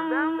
Bam.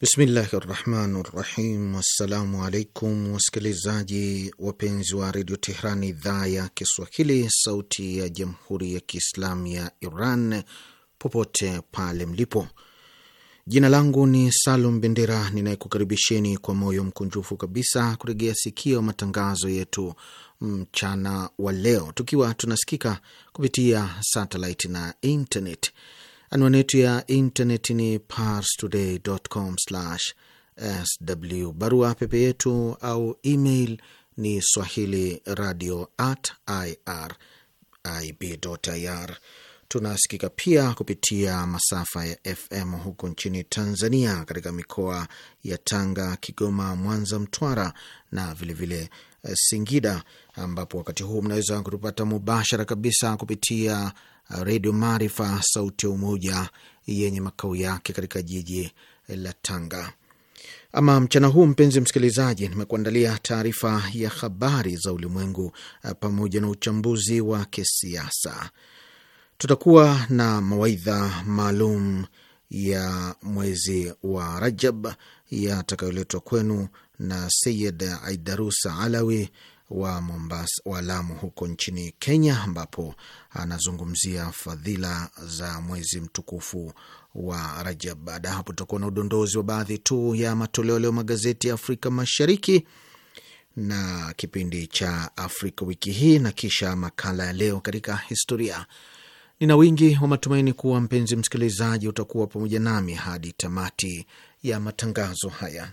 Bismillahi rahmani rahim. Wassalamu alaikum wasikilizaji wapenzi wa redio Tehran, idhaa ya Kiswahili, sauti ya jamhuri ya kiislamu ya Iran, popote pale mlipo. Jina langu ni Salum Bendera, ninayekukaribisheni kwa moyo mkunjufu kabisa kuregea sikio matangazo yetu mchana wa leo, tukiwa tunasikika kupitia satelit na internet. Anwani yetu ya intaneti ni parstoday.com/sw. Barua pepe yetu au email ni swahili radio at irib.ir. Tunasikika pia kupitia masafa ya FM huku nchini Tanzania, katika mikoa ya Tanga, Kigoma, Mwanza, Mtwara na vilevile vile eh, Singida, ambapo wakati huu mnaweza kutupata mubashara kabisa kupitia Redio Maarifa, sauti ya Umoja, yenye makao yake katika jiji la Tanga. Ama mchana huu, mpenzi msikilizaji, nimekuandalia taarifa ya habari za ulimwengu eh, pamoja na uchambuzi wa kisiasa. Tutakuwa na mawaidha maalum ya mwezi wa Rajab yatakayoletwa kwenu na Sayid Aidarusa Alawi wa Mombasa wa Lamu huko nchini Kenya, ambapo anazungumzia fadhila za mwezi mtukufu wa Rajab. Baada ya hapo, tutakuwa na udondozi wa baadhi tu ya matoleo leo magazeti ya Afrika Mashariki na kipindi cha Afrika wiki hii, na kisha makala ya leo katika historia. Nina wingi wa matumaini kuwa mpenzi msikilizaji utakuwa pamoja nami hadi tamati ya matangazo haya.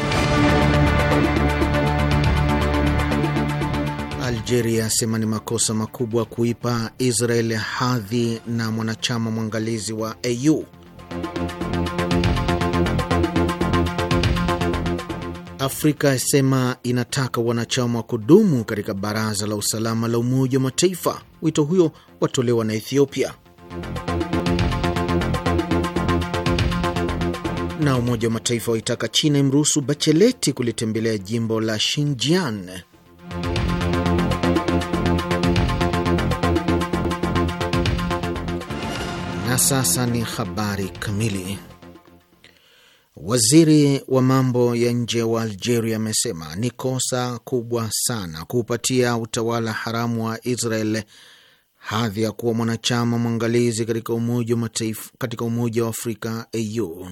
Nigeria asema ni makosa makubwa kuipa Israel hadhi na mwanachama mwangalizi wa AU. Afrika asema inataka wanachama wa kudumu katika baraza la usalama la Umoja wa Mataifa. Wito huyo watolewa na Ethiopia. Na Umoja wa Mataifa waitaka China imruhusu Bacheleti kulitembelea jimbo la Xinjiang. Na sasa ni habari kamili. Waziri wa mambo ya nje wa Algeria amesema ni kosa kubwa sana kuupatia utawala haramu wa Israel hadhi ya kuwa mwanachama mwangalizi katika Umoja wa Mataifa, katika Umoja wa Afrika au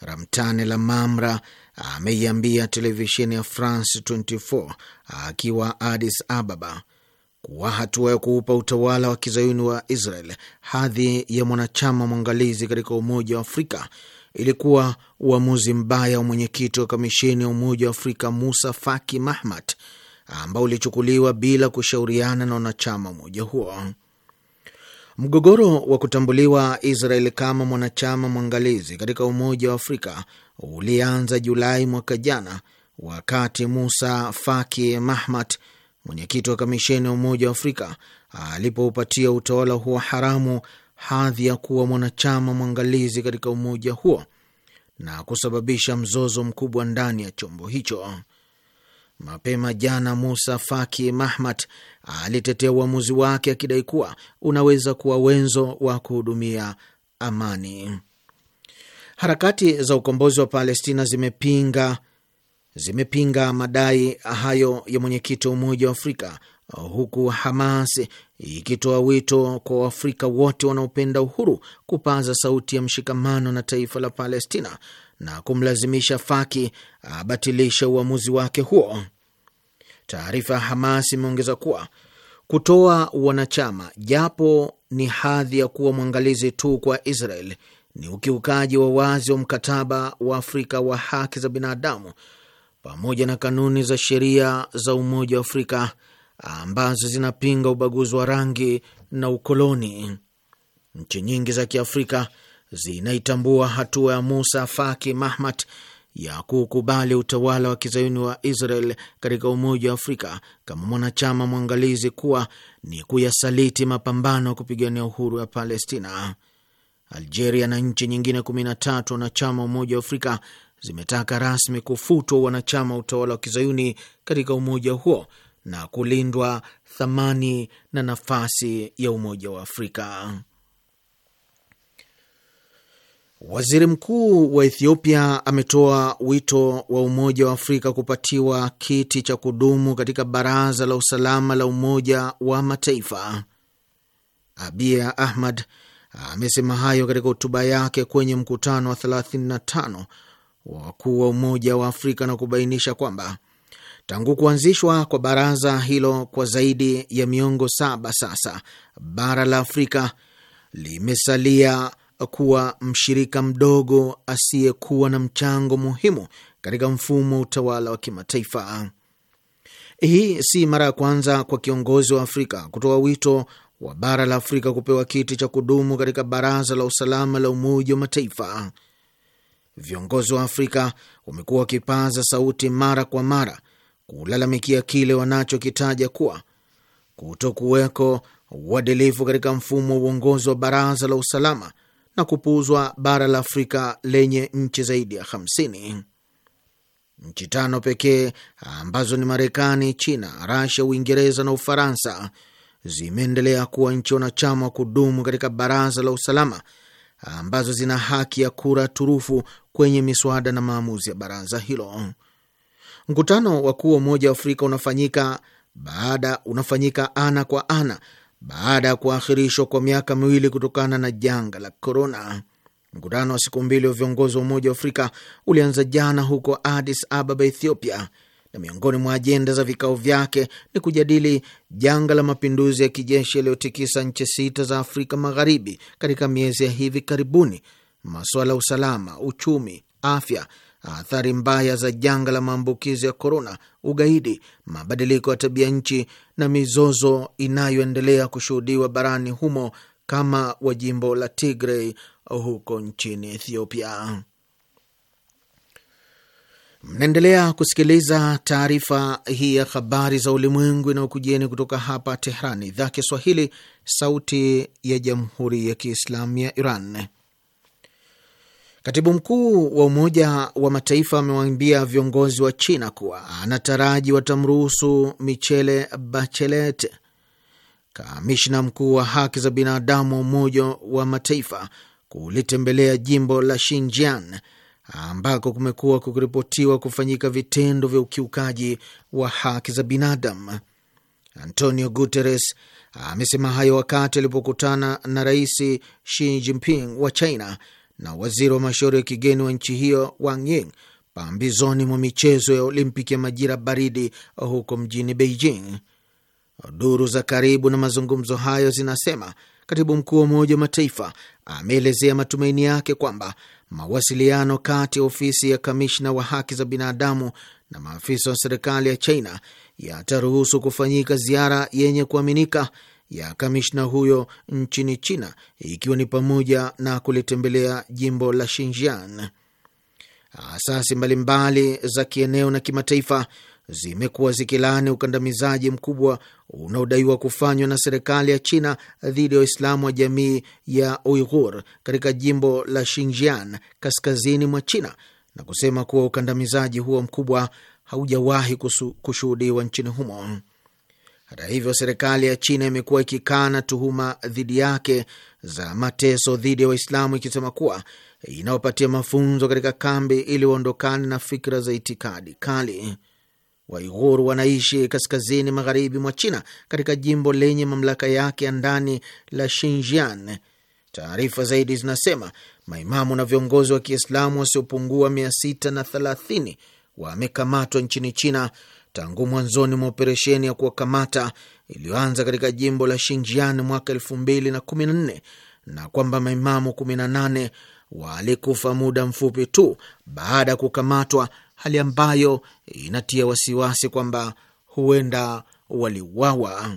Ramtane la Mamra ameiambia televisheni ya France 24 akiwa Addis Ababa kuwa hatua ya kuupa utawala wa kizayuni wa Israel hadhi ya mwanachama mwangalizi katika Umoja wa Afrika ilikuwa uamuzi mbaya wa mwenyekiti wa kamisheni ya Umoja wa Afrika Musa Faki mahmat ambao ulichukuliwa bila kushauriana na wanachama umoja huo. Mgogoro wa kutambuliwa Israel kama mwanachama mwangalizi katika Umoja wa Afrika ulianza Julai mwaka jana wakati Musa Faki mahmat mwenyekiti wa kamisheni ya Umoja wa Afrika alipoupatia utawala huo haramu hadhi ya kuwa mwanachama mwangalizi katika umoja huo na kusababisha mzozo mkubwa ndani ya chombo hicho. Mapema jana Musa Faki mahmat alitetea uamuzi wake akidai kuwa unaweza kuwa wenzo wa kuhudumia amani. Harakati za ukombozi wa Palestina zimepinga zimepinga madai hayo ya mwenyekiti wa Umoja wa Afrika, huku Hamas ikitoa wito kwa Waafrika wote wanaopenda uhuru kupaza sauti ya mshikamano na taifa la Palestina na kumlazimisha Faki abatilishe uamuzi wake huo. Taarifa ya Hamas imeongeza kuwa kutoa wanachama japo ni hadhi ya kuwa mwangalizi tu kwa Israel ni ukiukaji wa wazi wa mkataba wa Afrika wa haki za binadamu pamoja na kanuni za sheria za Umoja wa Afrika ambazo zinapinga ubaguzi wa rangi na ukoloni. Nchi nyingi za Kiafrika zinaitambua hatua ya Musa Faki Mahamat ya kukubali utawala wa kizayuni wa Israel katika Umoja wa Afrika kama mwanachama mwangalizi kuwa ni kuyasaliti mapambano ya kupigania uhuru ya Palestina. Algeria na nchi nyingine 13 wanachama Umoja wa Afrika zimetaka rasmi kufutwa wanachama utawala wa kizayuni katika umoja huo na kulindwa thamani na nafasi ya Umoja wa Afrika. Waziri mkuu wa Ethiopia ametoa wito wa Umoja wa Afrika kupatiwa kiti cha kudumu katika Baraza la Usalama la Umoja wa Mataifa. Abiy Ahmed amesema hayo katika hotuba yake kwenye mkutano wa wakuu wa Umoja wa Afrika na kubainisha kwamba tangu kuanzishwa kwa baraza hilo kwa zaidi ya miongo saba sasa, bara la Afrika limesalia kuwa mshirika mdogo asiyekuwa na mchango muhimu katika mfumo wa utawala wa kimataifa. Hii si mara ya kwanza kwa kiongozi wa Afrika kutoa wito wa bara la Afrika kupewa kiti cha kudumu katika baraza la usalama la Umoja wa Mataifa viongozi wa Afrika wamekuwa wakipaza sauti mara kwa mara kulalamikia kile wanachokitaja kuwa kutokuweko uadilifu katika mfumo wa uongozi wa Baraza la Usalama na kupuuzwa bara la Afrika lenye nchi zaidi ya 50. Nchi tano pekee ambazo ni Marekani, China, Rasia, Uingereza na Ufaransa zimeendelea kuwa nchi wanachama wa kudumu katika Baraza la Usalama ambazo zina haki ya kura turufu kwenye miswada na maamuzi ya baraza hilo. Mkutano wa kuu wa Umoja wa Afrika unafanyika baada unafanyika ana kwa ana baada ya kuahirishwa kwa miaka miwili kutokana na janga la korona. Mkutano wa siku mbili wa viongozi wa Umoja wa Afrika ulianza jana huko Addis Ababa, Ethiopia, na miongoni mwa ajenda za vikao vyake ni kujadili janga la mapinduzi ya kijeshi yaliyotikisa nchi sita za Afrika Magharibi katika miezi ya hivi karibuni masuala ya usalama, uchumi, afya, athari mbaya za janga la maambukizi ya korona, ugaidi, mabadiliko ya tabia nchi na mizozo inayoendelea kushuhudiwa barani humo kama wa jimbo la Tigray huko nchini Ethiopia. Mnaendelea kusikiliza taarifa hii ya habari za ulimwengu inayokujieni kutoka hapa Tehran, idhaa Kiswahili, sauti ya jamhuri ya kiislamu ya Iran. Katibu mkuu wa Umoja wa Mataifa amewaambia viongozi wa China kuwa anataraji watamruhusu Michele Bachelet, kamishna mkuu wa haki za binadamu wa Umoja wa Mataifa, kulitembelea jimbo la Xinjiang ambako kumekuwa kukiripotiwa kufanyika vitendo vya ukiukaji wa haki za binadamu. Antonio Guterres amesema hayo wakati alipokutana na Rais Xi Jinping wa China na waziri wa mashauri ya kigeni wa nchi hiyo Wang Ying pambizoni mwa michezo ya Olimpiki ya majira baridi huko mjini Beijing. Duru za karibu na mazungumzo hayo zinasema katibu mkuu wa Umoja wa Mataifa ameelezea matumaini yake kwamba mawasiliano kati ya ofisi ya kamishna wa haki za binadamu na maafisa wa serikali ya China yataruhusu kufanyika ziara yenye kuaminika ya kamishna huyo nchini China, ikiwa ni pamoja na kulitembelea jimbo la Xinjiang. Asasi mbalimbali za kieneo na kimataifa zimekuwa zikilaani ukandamizaji mkubwa unaodaiwa kufanywa na serikali ya China dhidi ya Waislamu wa jamii ya Uighur katika jimbo la Xinjiang kaskazini mwa China na kusema kuwa ukandamizaji huo mkubwa haujawahi kushuhudiwa nchini humo. Hata hivyo, serikali ya China imekuwa ikikana tuhuma dhidi yake za mateso dhidi ya Waislamu, ikisema kuwa inaopatia mafunzo katika kambi ili waondokane na fikra za itikadi kali. waighur wanaishi kaskazini magharibi mwa China katika jimbo lenye mamlaka yake ya ndani la Xinjiang. Taarifa zaidi zinasema maimamu na viongozi wa Kiislamu wasiopungua 630 wamekamatwa nchini China tangu mwanzoni mwa operesheni ya kuwakamata iliyoanza katika jimbo la shinjian mwaka elfu mbili na kumi na nne na kwamba maimamu 18 walikufa muda mfupi tu baada ya kukamatwa, hali ambayo inatia wasiwasi kwamba huenda waliuawa.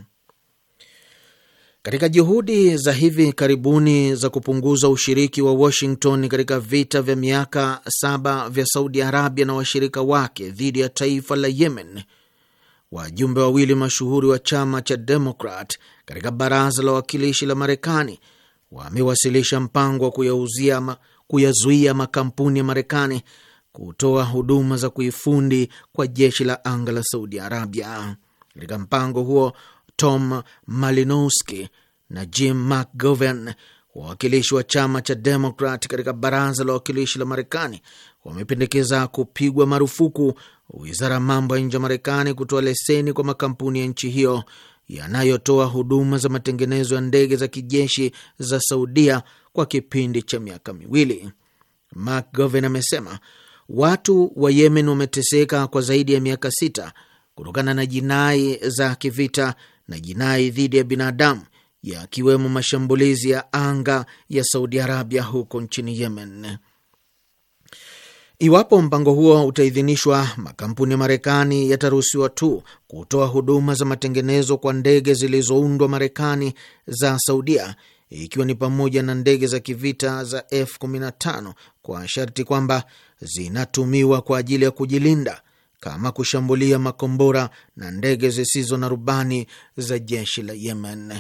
Katika juhudi za hivi karibuni za kupunguza ushiriki wa Washington katika vita vya miaka saba vya Saudi Arabia na washirika wake dhidi ya taifa la Yemen, wajumbe wawili mashuhuri wa chama cha Demokrat katika baraza la wawakilishi la Marekani wamewasilisha mpango wa kuyauzia ma, kuyazuia makampuni ya Marekani kutoa huduma za kuifundi kwa jeshi la anga la Saudi Arabia. Katika mpango huo Tom Malinowski na Jim McGovern, wawakilishi wa chama cha Demokrat katika baraza la wawakilishi la Marekani, wamependekeza kupigwa marufuku wizara ya mambo ya nje ya Marekani kutoa leseni kwa makampuni ya nchi hiyo yanayotoa huduma za matengenezo ya ndege za kijeshi za Saudia kwa kipindi cha miaka miwili. McGovern amesema watu wa Yemen wameteseka kwa zaidi ya miaka sita kutokana na jinai za kivita na jinai dhidi ya binadamu yakiwemo mashambulizi ya anga ya Saudi Arabia huko nchini Yemen. Iwapo mpango huo utaidhinishwa, makampuni ya Marekani yataruhusiwa tu kutoa huduma za matengenezo kwa ndege zilizoundwa Marekani za Saudia, ikiwa ni pamoja na ndege za kivita za F-15 kwa sharti kwamba zinatumiwa kwa ajili ya kujilinda kama kushambulia makombora na ndege zisizo na rubani za jeshi la Yemen.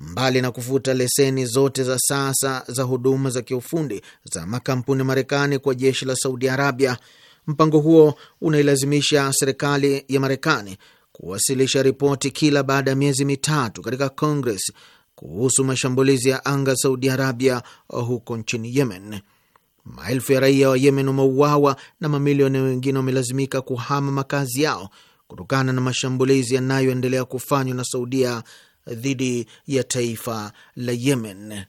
Mbali na kufuta leseni zote za sasa za huduma za kiufundi za makampuni Marekani kwa jeshi la Saudi Arabia, mpango huo unailazimisha serikali ya Marekani kuwasilisha ripoti kila baada ya miezi mitatu katika Congress kuhusu mashambulizi ya anga Saudi Arabia huko nchini Yemen maelfu ya raia wa Yemen wameuawa na mamilioni wengine wamelazimika kuhama makazi yao kutokana na mashambulizi yanayoendelea kufanywa na Saudia dhidi ya taifa la Yemen.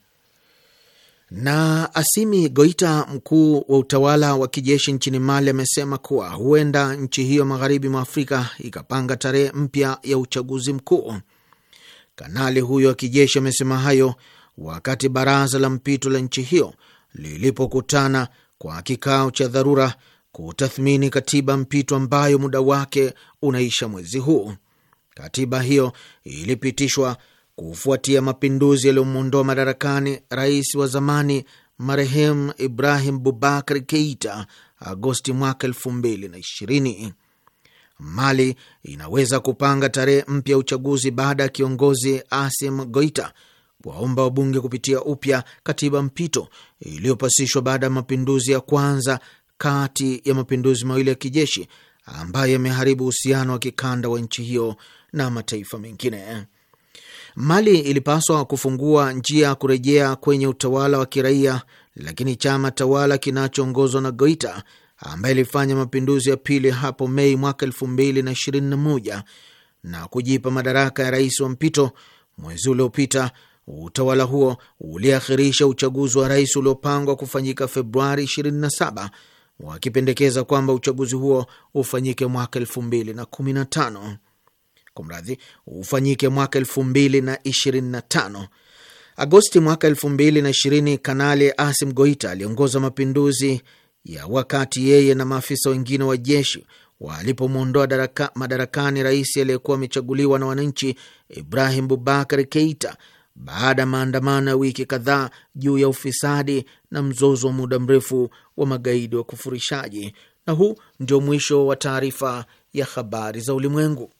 Na Asimi Goita, mkuu wa utawala wa kijeshi nchini Mali, amesema kuwa huenda nchi hiyo magharibi mwa Afrika ikapanga tarehe mpya ya uchaguzi mkuu. Kanali huyo wa kijeshi amesema hayo wakati baraza la mpito la nchi hiyo lilipokutana kwa kikao cha dharura kutathmini katiba mpito ambayo muda wake unaisha mwezi huu. Katiba hiyo ilipitishwa kufuatia mapinduzi yaliyomwondoa madarakani rais wa zamani marehemu Ibrahim Bubakar Keita Agosti mwaka elfu mbili na ishirini. Mali inaweza kupanga tarehe mpya ya uchaguzi baada ya kiongozi Asim Goita waomba wabunge kupitia upya katiba mpito iliyopasishwa baada ya mapinduzi ya kwanza kati ya mapinduzi mawili ya kijeshi ambayo yameharibu uhusiano wa kikanda wa nchi hiyo na mataifa mengine. Mali ilipaswa kufungua njia ya kurejea kwenye utawala wa kiraia, lakini chama tawala kinachoongozwa na Goita ambaye ilifanya mapinduzi ya pili hapo Mei mwaka elfu mbili na ishirini na moja na kujipa madaraka ya rais wa mpito mwezi uliopita utawala huo uliakhirisha uchaguzi wa rais uliopangwa kufanyika Februari 27 wakipendekeza kwamba uchaguzi huo ufanyike mwaka 2015 mradhi ufanyike mwaka 2025. Agosti mwaka 2020, Kanali Asim Goita aliongoza mapinduzi ya wakati yeye na maafisa wengine wa jeshi walipomwondoa madarakani rais aliyekuwa amechaguliwa na wananchi Ibrahim Bubakar Keita baada ya maandamano ya wiki kadhaa juu ya ufisadi na mzozo wa muda mrefu wa magaidi wa kufurishaji. Na huu ndio mwisho wa taarifa ya habari za ulimwengu.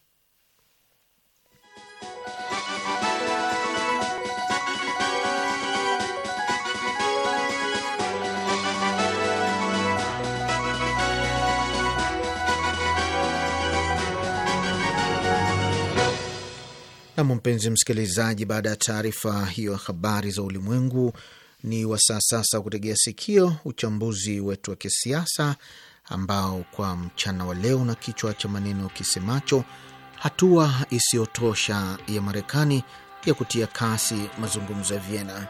Nam, mpenzi msikilizaji, baada ya taarifa hiyo ya habari za ulimwengu, ni wasaa sasa kutegea sikio uchambuzi wetu wa kisiasa ambao kwa mchana wa leo na kichwa cha maneno kisemacho hatua isiyotosha ya Marekani ya kutia kasi mazungumzo ya Vienna.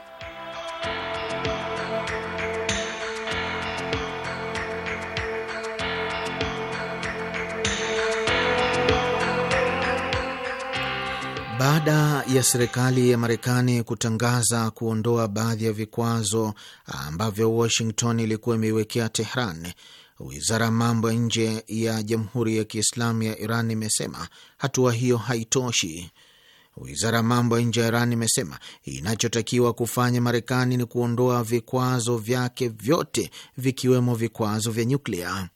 Baada ya serikali ya Marekani kutangaza kuondoa baadhi ya vikwazo ambavyo Washington ilikuwa imeiwekea Tehran, wizara ya mambo ya nje ya Jamhuri ya Kiislamu ya Iran imesema hatua hiyo haitoshi. Wizara ya mambo ya nje ya Iran imesema inachotakiwa kufanya Marekani ni kuondoa vikwazo vyake vyote, vikiwemo vikwazo vya nyuklia.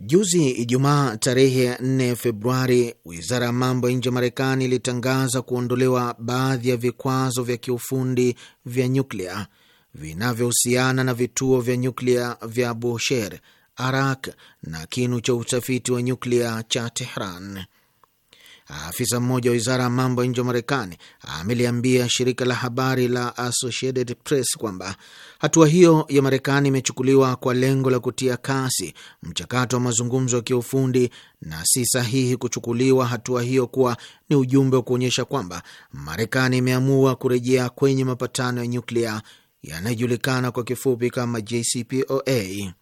Juzi Ijumaa tarehe ya 4 Februari, wizara ya mambo ya nje ya Marekani ilitangaza kuondolewa baadhi ya vikwazo vya kiufundi vya nyuklia vinavyohusiana na vituo vya nyuklia vya Bushehr, Arak na kinu cha utafiti wa nyuklia cha Tehran. Afisa mmoja wa wizara ya mambo ya nje wa Marekani ameliambia shirika la habari la Associated Press kwamba hatua hiyo ya Marekani imechukuliwa kwa lengo la kutia kasi mchakato wa mazungumzo ya kiufundi na si sahihi kuchukuliwa hatua hiyo kuwa ni ujumbe wa kuonyesha kwamba Marekani imeamua kurejea kwenye mapatano ya nyuklia yanayojulikana kwa kifupi kama JCPOA.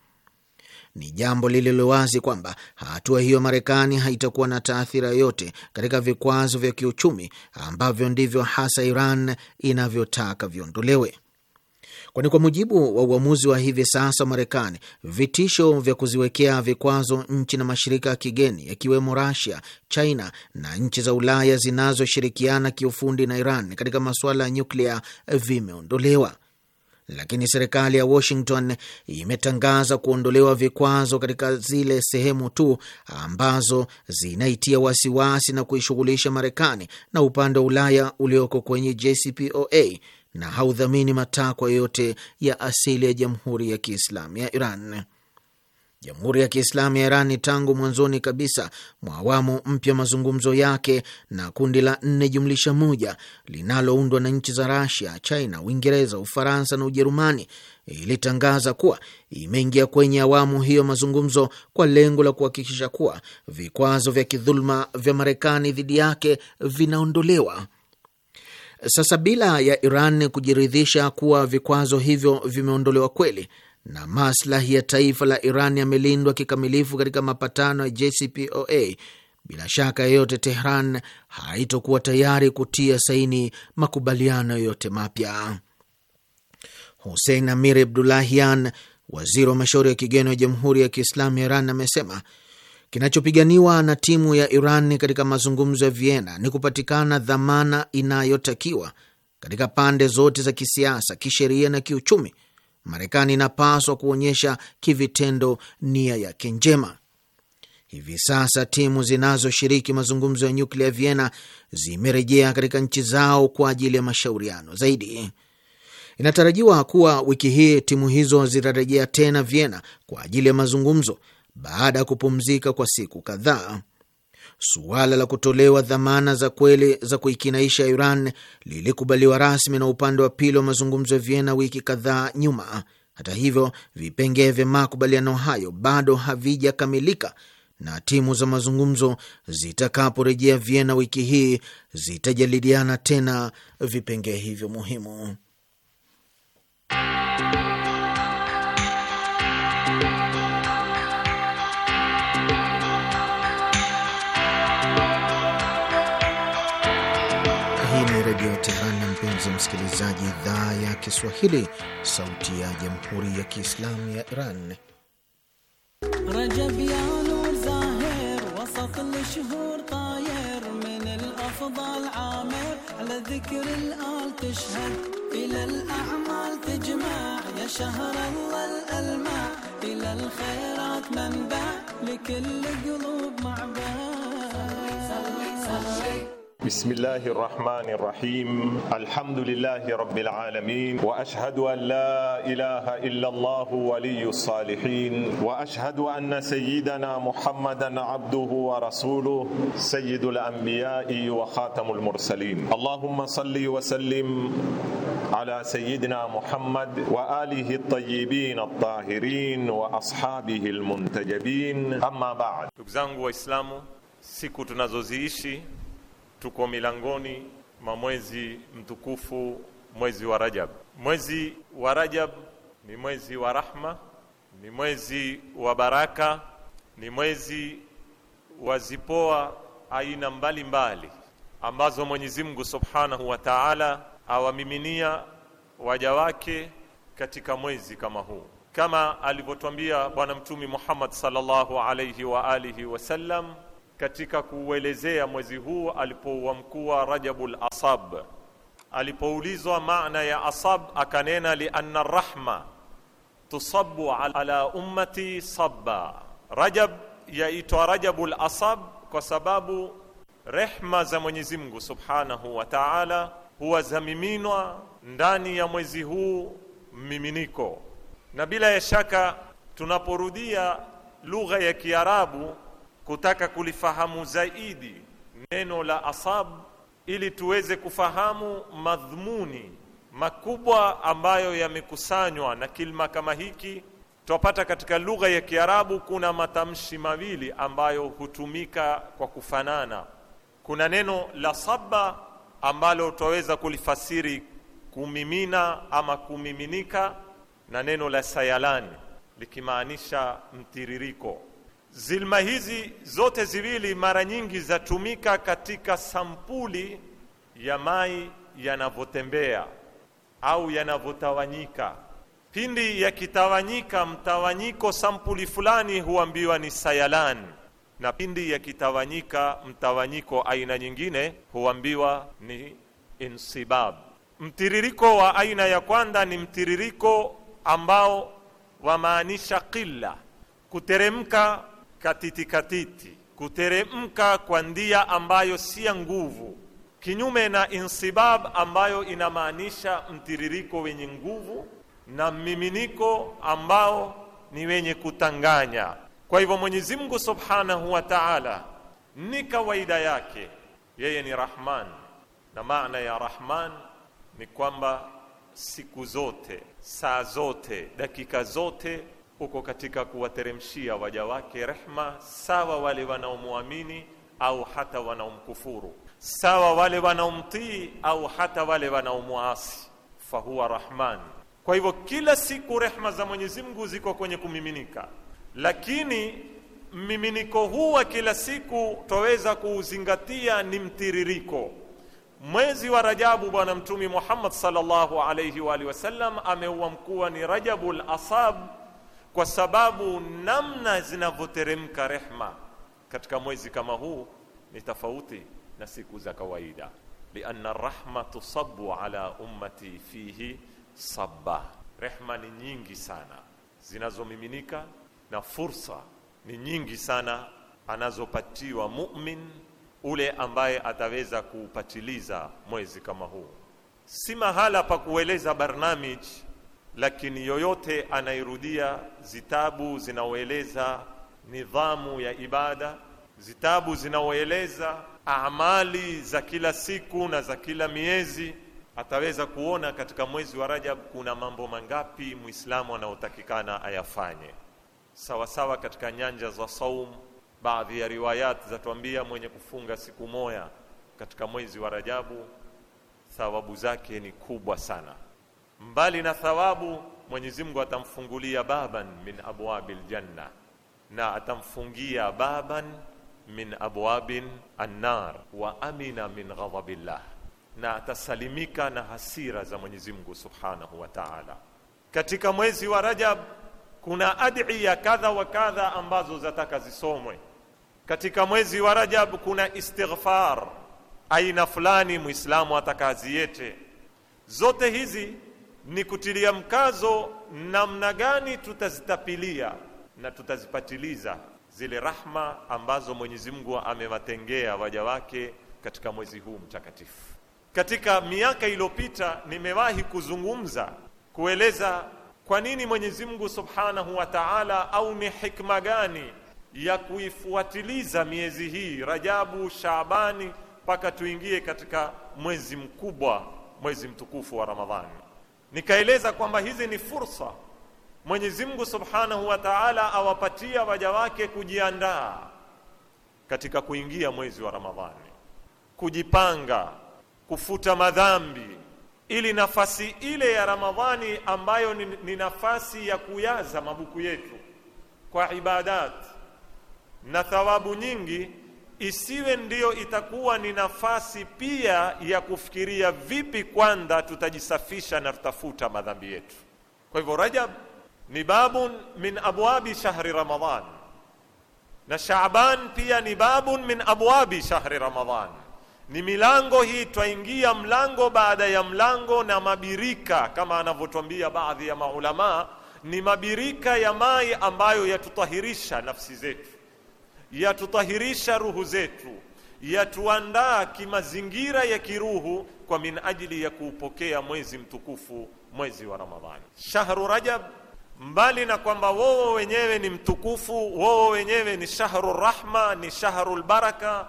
Ni jambo lililo wazi kwamba hatua hiyo Marekani haitakuwa na taathira yoyote katika vikwazo vya kiuchumi ambavyo ndivyo hasa Iran inavyotaka viondolewe, kwani kwa mujibu wa uamuzi wa hivi sasa wa Marekani, vitisho vya kuziwekea vikwazo nchi na mashirika ya kigeni yakiwemo rasia China na nchi za Ulaya zinazoshirikiana kiufundi na Iran katika masuala ya nyuklia vimeondolewa lakini serikali ya Washington imetangaza kuondolewa vikwazo katika zile sehemu tu ambazo zinaitia wasiwasi na kuishughulisha Marekani na upande wa Ulaya ulioko kwenye JCPOA na haudhamini matakwa yote ya asili ya Jamhuri ya Kiislamu ya Iran. Jamhuri ya Kiislamu ya Irani tangu mwanzoni kabisa mwa awamu mpya mazungumzo yake na kundi la nne jumlisha moja linaloundwa na nchi za Rasia, China, Uingereza, Ufaransa na Ujerumani ilitangaza kuwa imeingia kwenye awamu hiyo mazungumzo kwa lengo la kuhakikisha kuwa vikwazo vya kidhuluma vya Marekani dhidi yake vinaondolewa. Sasa bila ya Iran kujiridhisha kuwa vikwazo hivyo vimeondolewa kweli na maslahi ya taifa la Iran yamelindwa kikamilifu katika mapatano ya JCPOA, bila shaka yeyote Tehran haitokuwa tayari kutia saini makubaliano yoyote mapya. Hussein Amir Abdulahian, waziri wa mashauri ya kigeni wa Jamhuri ya Kiislamu ya Iran, amesema kinachopiganiwa na timu ya Iran katika mazungumzo ya Vienna ni kupatikana dhamana inayotakiwa katika pande zote za kisiasa, kisheria na kiuchumi Marekani inapaswa kuonyesha kivitendo nia yake njema. Hivi sasa timu zinazoshiriki mazungumzo ya nyuklia viena Vienna zimerejea katika nchi zao kwa ajili ya mashauriano zaidi. Inatarajiwa kuwa wiki hii timu hizo zitarejea tena Vienna kwa ajili ya mazungumzo baada ya kupumzika kwa siku kadhaa suala la kutolewa dhamana za kweli za kuikinaisha Iran lilikubaliwa rasmi na upande wa pili wa mazungumzo ya Vienna wiki kadhaa nyuma. Hata hivyo, vipengee vya makubaliano hayo bado havijakamilika na timu za mazungumzo zitakaporejea Vienna wiki hii zitajadiliana tena vipengee hivyo muhimu. Redio Teheran. Na mpenzi msikilizaji, idhaa ya Kiswahili, sauti ya jamhuri ya kiislamu ya Iran. بسم الله الرحمن الرحيم الحمد لله رب العالمين واشهد أن لا اله الا الله ولي الصالحين واشهد ان سيدنا محمدا عبده ورسوله سيد الأنبياء وخاتم المرسلين اللهم صل وسلم على سيدنا محمد وآله الطيبين الطاهرين وأصحابه المنتجبين اما بعد ndugu zangu waislamu siku Tuko milangoni mwa mwezi mtukufu, mwezi wa Rajab. Mwezi wa Rajab ni mwezi wa rahma, ni mwezi wa baraka, ni mwezi wa zipoa aina mbalimbali ambazo Mwenyezi Mungu Subhanahu wa Ta'ala awamiminia waja wake katika mwezi kama huu, kama alivyotwambia Bwana Mtumi Muhammad sallallahu alayhi wa alihi wasallam katika kuuelezea mwezi huu wa Rajabul Asab. Alipoulizwa maana ya asab, akanena lianna rahma tusabu ala ummati sabba. Rajab yaitwa Rajabul Asab kwa sababu rehma za Mwenyezi Mungu Subhanahu wa Ta'ala huwa zamiminwa ndani ya mwezi huu miminiko na bila ya shaka tunaporudia lugha ya Kiarabu kutaka kulifahamu zaidi neno la asab ili tuweze kufahamu madhumuni makubwa ambayo yamekusanywa na kilma kama hiki. Twapata katika lugha ya Kiarabu kuna matamshi mawili ambayo hutumika kwa kufanana. Kuna neno la saba ambalo twaweza kulifasiri kumimina ama kumiminika, na neno la sayalani likimaanisha mtiririko. Zilma hizi zote ziwili mara nyingi zatumika katika sampuli ya mai yanavyotembea au yanavyotawanyika. Pindi yakitawanyika mtawanyiko sampuli fulani huambiwa ni sayalan, na pindi yakitawanyika mtawanyiko aina nyingine huambiwa ni insibab. Mtiririko wa aina ya kwanza ni mtiririko ambao wamaanisha qilla, kuteremka katiti katiti, kuteremka kwa ndia ambayo si ya nguvu, kinyume na insibab ambayo inamaanisha mtiririko wenye nguvu na mmiminiko ambao ni wenye kutanganya. Kwa hivyo Mwenyezi Mungu Subhanahu wa Ta'ala, ni kawaida yake yeye ni Rahman, na maana ya Rahman ni kwamba siku zote, saa zote, dakika zote uko katika kuwateremshia waja wake rehma, sawa wale wanaomwamini au hata wanaomkufuru, sawa wale wanaomtii au hata wale wanaomwasi. Fahuwa rahman. Kwa hivyo kila siku rehma za Mwenyezi Mungu ziko kwenye kumiminika, lakini mmiminiko huu wa kila siku twaweza kuuzingatia ni mtiririko. Mwezi wa Rajabu, Bwana Mtume Muhammad sallallahu alayhi wa alihi wasallam ameua mkuwa ni Rajabul Asab kwa sababu namna zinavyoteremka rehma katika mwezi kama huu ni tofauti na siku za kawaida lianna rahma tusabu ala ummati fihi sabba rehma ni nyingi sana zinazomiminika na fursa ni nyingi sana anazopatiwa mumin ule ambaye ataweza kuupatiliza mwezi kama huu si mahala pa kueleza barnamiji lakini yoyote anairudia zitabu zinaoeleza nidhamu ya ibada, zitabu zinaoeleza amali za kila siku na za kila miezi, ataweza kuona katika mwezi wa Rajab kuna mambo mangapi Muislamu anaotakikana ayafanye sawasawa sawa katika nyanja za saum Baadhi ya riwayat zatuambia mwenye kufunga siku moja katika mwezi wa Rajabu thawabu zake ni kubwa sana. Mbali na thawabu, Mwenyezi Mungu atamfungulia baban min abwabil janna, na atamfungia baban min abwabin annar, wa amina min ghadabillah, na atasalimika na hasira za Mwenyezi Mungu subhanahu wa ta'ala. Katika mwezi wa Rajab kuna adhiya kadha wa kadha ambazo zataka zisomwe katika mwezi wa Rajab. Kuna istighfar aina fulani muislamu atakaziete. Zote hizi ni kutilia mkazo namna gani tutazitapilia na tutazipatiliza zile rahma ambazo Mwenyezi Mungu amewatengea waja wake katika mwezi huu mtakatifu. Katika miaka iliyopita nimewahi kuzungumza kueleza kwa nini Mwenyezi Mungu Subhanahu wa Ta'ala, au ni hikma gani ya kuifuatiliza miezi hii Rajabu, Shaabani mpaka tuingie katika mwezi mkubwa, mwezi mtukufu wa Ramadhani nikaeleza kwamba hizi ni fursa Mwenyezi Mungu Subhanahu wa Ta'ala awapatia waja wake kujiandaa katika kuingia mwezi wa Ramadhani, kujipanga, kufuta madhambi, ili nafasi ile ya Ramadhani ambayo ni, ni nafasi ya kuyaza mabuku yetu kwa ibadat na thawabu nyingi isiwe ndiyo itakuwa ni nafasi pia ya kufikiria vipi kwanza tutajisafisha na tutafuta madhambi yetu. Kwa hivyo Rajab ni babun min abwabi shahri Ramadhan, na Shaaban pia ni babun min abwabi shahri Ramadhan. Ni milango hii, twaingia mlango baada ya mlango, na mabirika kama anavyotwambia baadhi ya maulamaa, ni mabirika ya mai ambayo yatutahirisha nafsi zetu yatutahirisha ruhu zetu yatuandaa kimazingira ya kiruhu kwa min ajili ya kuupokea mwezi mtukufu mwezi wa Ramadhani shahru Rajab mbali na kwamba woo wenyewe ni mtukufu, woo wenyewe ni shahru rahma, ni shahru lbaraka,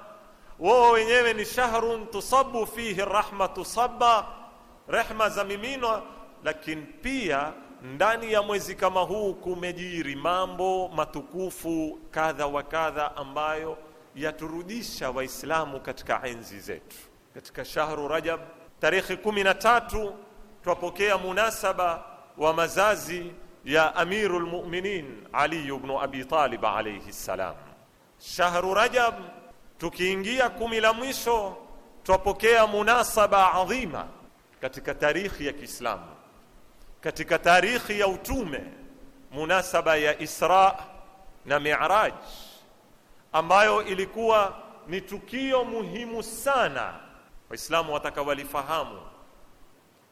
woo wenyewe ni shahrun tusabu fihi rahmatu tusaba rehma za miminwa, lakini pia ndani ya mwezi kama huu kumejiri mambo matukufu kadha wa kadha ambayo yaturudisha waislamu katika enzi zetu katika shahru rajab tarehe kumi na tatu twapokea munasaba wa mazazi ya amiru lmuminin ali bnu abi talib alaihi ssalam shahru rajab tukiingia kumi la mwisho twapokea munasaba adhima katika tarikhi ya kiislamu katika tarikhi ya utume munasaba ya Isra na Mi'raj ambayo ilikuwa ni tukio muhimu sana Waislamu watakawalifahamu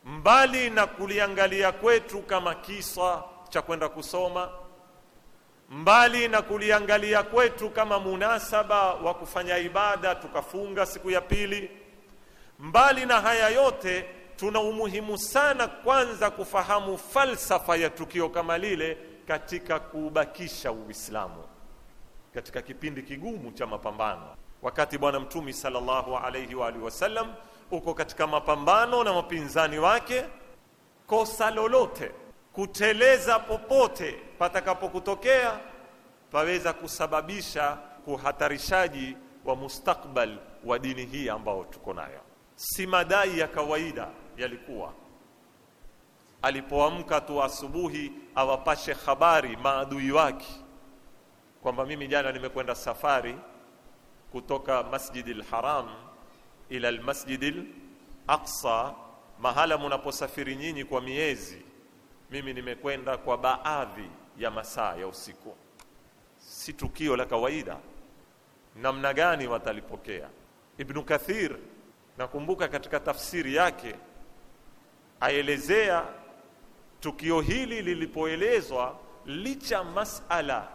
mbali na kuliangalia kwetu kama kisa cha kwenda kusoma mbali na kuliangalia kwetu kama munasaba wa kufanya ibada tukafunga siku ya pili mbali na haya yote tuna umuhimu sana kwanza kufahamu falsafa ya tukio kama lile katika kuubakisha Uislamu katika kipindi kigumu cha mapambano, wakati Bwana Mtume sallallahu alayhi wa alihi wasallam uko katika mapambano na wapinzani wake, kosa lolote kuteleza popote patakapokutokea paweza kusababisha kuhatarishaji wa mustakbal wa dini hii ambao tuko nayo, si madai ya kawaida yalikuwa alipoamka tu asubuhi awapashe habari maadui wake kwamba mimi jana nimekwenda safari kutoka Masjidil Haram ila Almasjidil Aqsa, mahala mnaposafiri nyinyi kwa miezi, mimi nimekwenda kwa baadhi ya masaa ya usiku. Si tukio la kawaida. Namna gani watalipokea? Ibnu Kathir nakumbuka katika tafsiri yake aelezea tukio hili lilipoelezwa, licha masala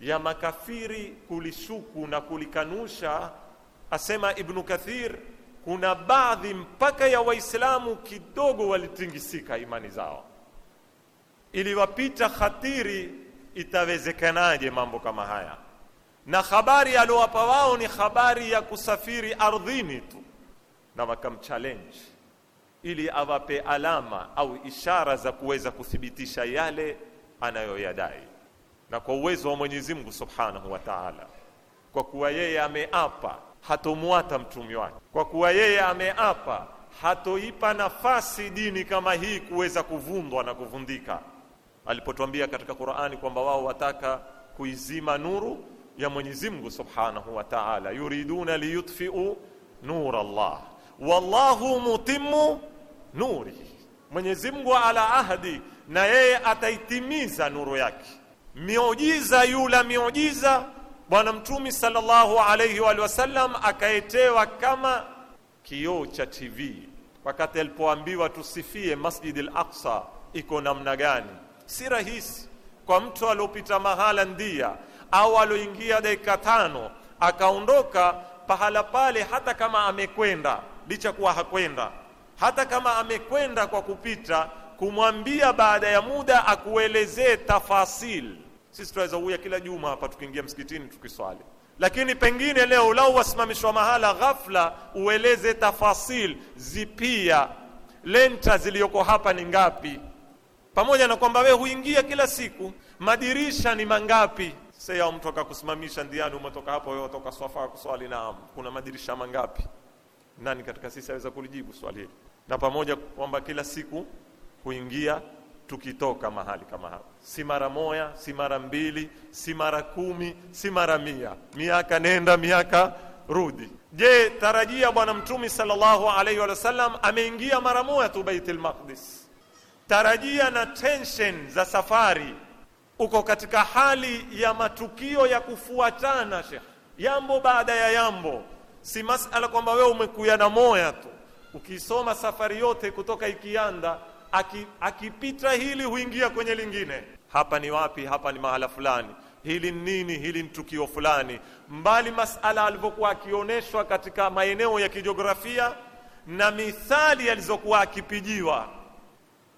ya makafiri kulishuku na kulikanusha, asema Ibnu Kathir, kuna baadhi mpaka ya Waislamu kidogo walitingisika imani zao, iliwapita khatiri, itawezekanaje mambo kama haya? Na habari aliyowapa wao ni habari ya kusafiri ardhini tu, na wakamchallenge ili awape alama au ishara za kuweza kuthibitisha yale anayoyadai, na kwa uwezo wa Mwenyezi Mungu Subhanahu wa Ta'ala, kwa kuwa yeye ameapa hatomwata mtume wake, kwa kuwa yeye ameapa hatoipa nafasi dini kama hii kuweza kuvundwa na kuvundika, alipotuambia katika Qur'ani kwamba wao wataka kuizima nuru ya Mwenyezi Mungu Subhanahu wa Ta'ala, yuriduna liyutfiu nur Allah wallahu mutimmu nuri, Mwenyezi Mungu ala ahadi na yeye ataitimiza nuru yake. Miujiza yula miujiza Bwana Mtume sallallahu alayhi wa sallam akaetewa kama kioo cha TV wakati alipoambiwa tusifie Masjid al-Aqsa iko namna gani. Si rahisi kwa mtu aliopita mahala ndia au alioingia dakika tano akaondoka pahala pale, hata kama amekwenda licha kuwa hakwenda. Hata kama amekwenda kwa kupita, kumwambia baada ya muda akuelezee tafasil. Sisi tunaweza huya kila juma hapa tukiingia msikitini tukiswali, lakini pengine leo lau wasimamishwa mahala ghafla, ueleze tafasil zipia lenta ziliyoko hapa ni ngapi, pamoja na kwamba wewe huingia kila siku, madirisha ni mangapi? Sasa mtu akakusimamisha ndiani, umetoka hapo wewe, utoka swafa kuswali, naam, kuna madirisha mangapi? Nani katika sisi aweza kulijibu swali hili? Na pamoja kwamba kila siku kuingia tukitoka mahali kama hapa, si mara moja, si mara mbili, si mara kumi, si mara mia, miaka nenda miaka rudi. Je, tarajia Bwana Mtume sallallahu alaihi wasallam ameingia mara moja tu Baitul Maqdis. Tarajia na tension za safari, uko katika hali ya matukio ya kufuatana, shekh yambo baada ya yambo si masala kwamba wewe umekuya na moya tu ukisoma safari yote kutoka ikianda akipita aki hili huingia kwenye lingine hapa ni wapi hapa ni mahala fulani hili ni nini hili ni tukio fulani mbali masala alivyokuwa akioneshwa katika maeneo ya kijiografia na mithali alizokuwa akipijiwa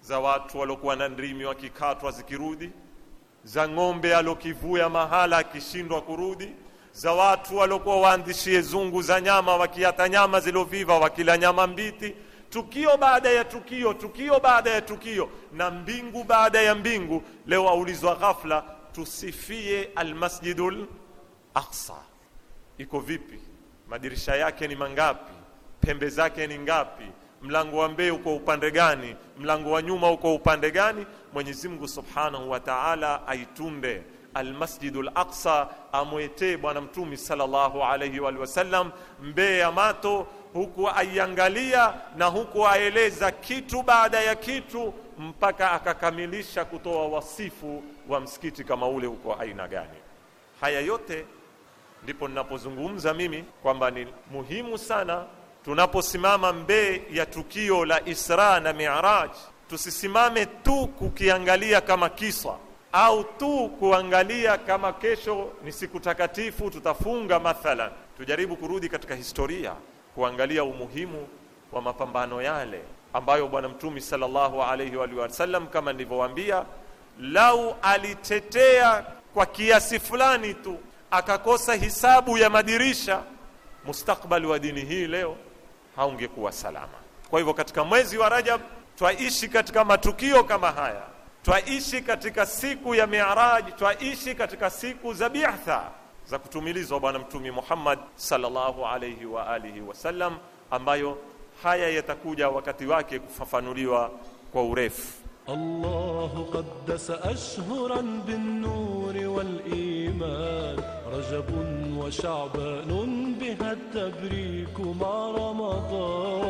za watu waliokuwa na ndimi wakikatwa zikirudi za ng'ombe alokivuya mahala akishindwa kurudi za watu waliokuwa waandishie zungu za nyama, wakiata nyama ziloviva, wakila nyama mbiti, tukio baada ya tukio, tukio baada ya tukio, na mbingu baada ya mbingu. Leo aulizwa ghafla, tusifie almasjidul Aqsa iko vipi? Madirisha yake ni mangapi? Pembe zake ni ngapi? Mlango wa mbele uko upande gani? Mlango wa nyuma uko upande gani? Mwenyezi Mungu Subhanahu wa Ta'ala aitunde almasjidul aqsa amwetee bwana mtumi sallallahu alayhi wa sallam mbee ya mato huku aiangalia na huku aeleza kitu baada ya kitu mpaka akakamilisha kutoa wasifu wa msikiti kama ule uko aina gani haya yote ndipo ninapozungumza mimi kwamba ni muhimu sana tunaposimama mbee ya tukio la Isra na Mi'raj tusisimame tu kukiangalia kama kisa au tu kuangalia kama kesho ni siku takatifu tutafunga mathalan. Tujaribu kurudi katika historia kuangalia umuhimu wa mapambano yale ambayo Bwana Mtume sallallahu alayhi wa wasallam, kama nilivyowaambia, lau alitetea kwa kiasi fulani tu akakosa hisabu ya madirisha, mustakbali wa dini hii leo haungekuwa salama. Kwa hivyo katika mwezi wa Rajab twaishi katika matukio kama haya twaishi katika siku ya Mi'raj, twaishi katika siku za bi'tha za kutumilizwa Bwana Mtume Muhammad sallallahu alayhi wa alihi wasallam, ambayo haya yatakuja wakati wake kufafanuliwa kwa urefu. الله قدس أشهرا بالنور والإيمان رجب وشعبان بها التبريك مع رمضان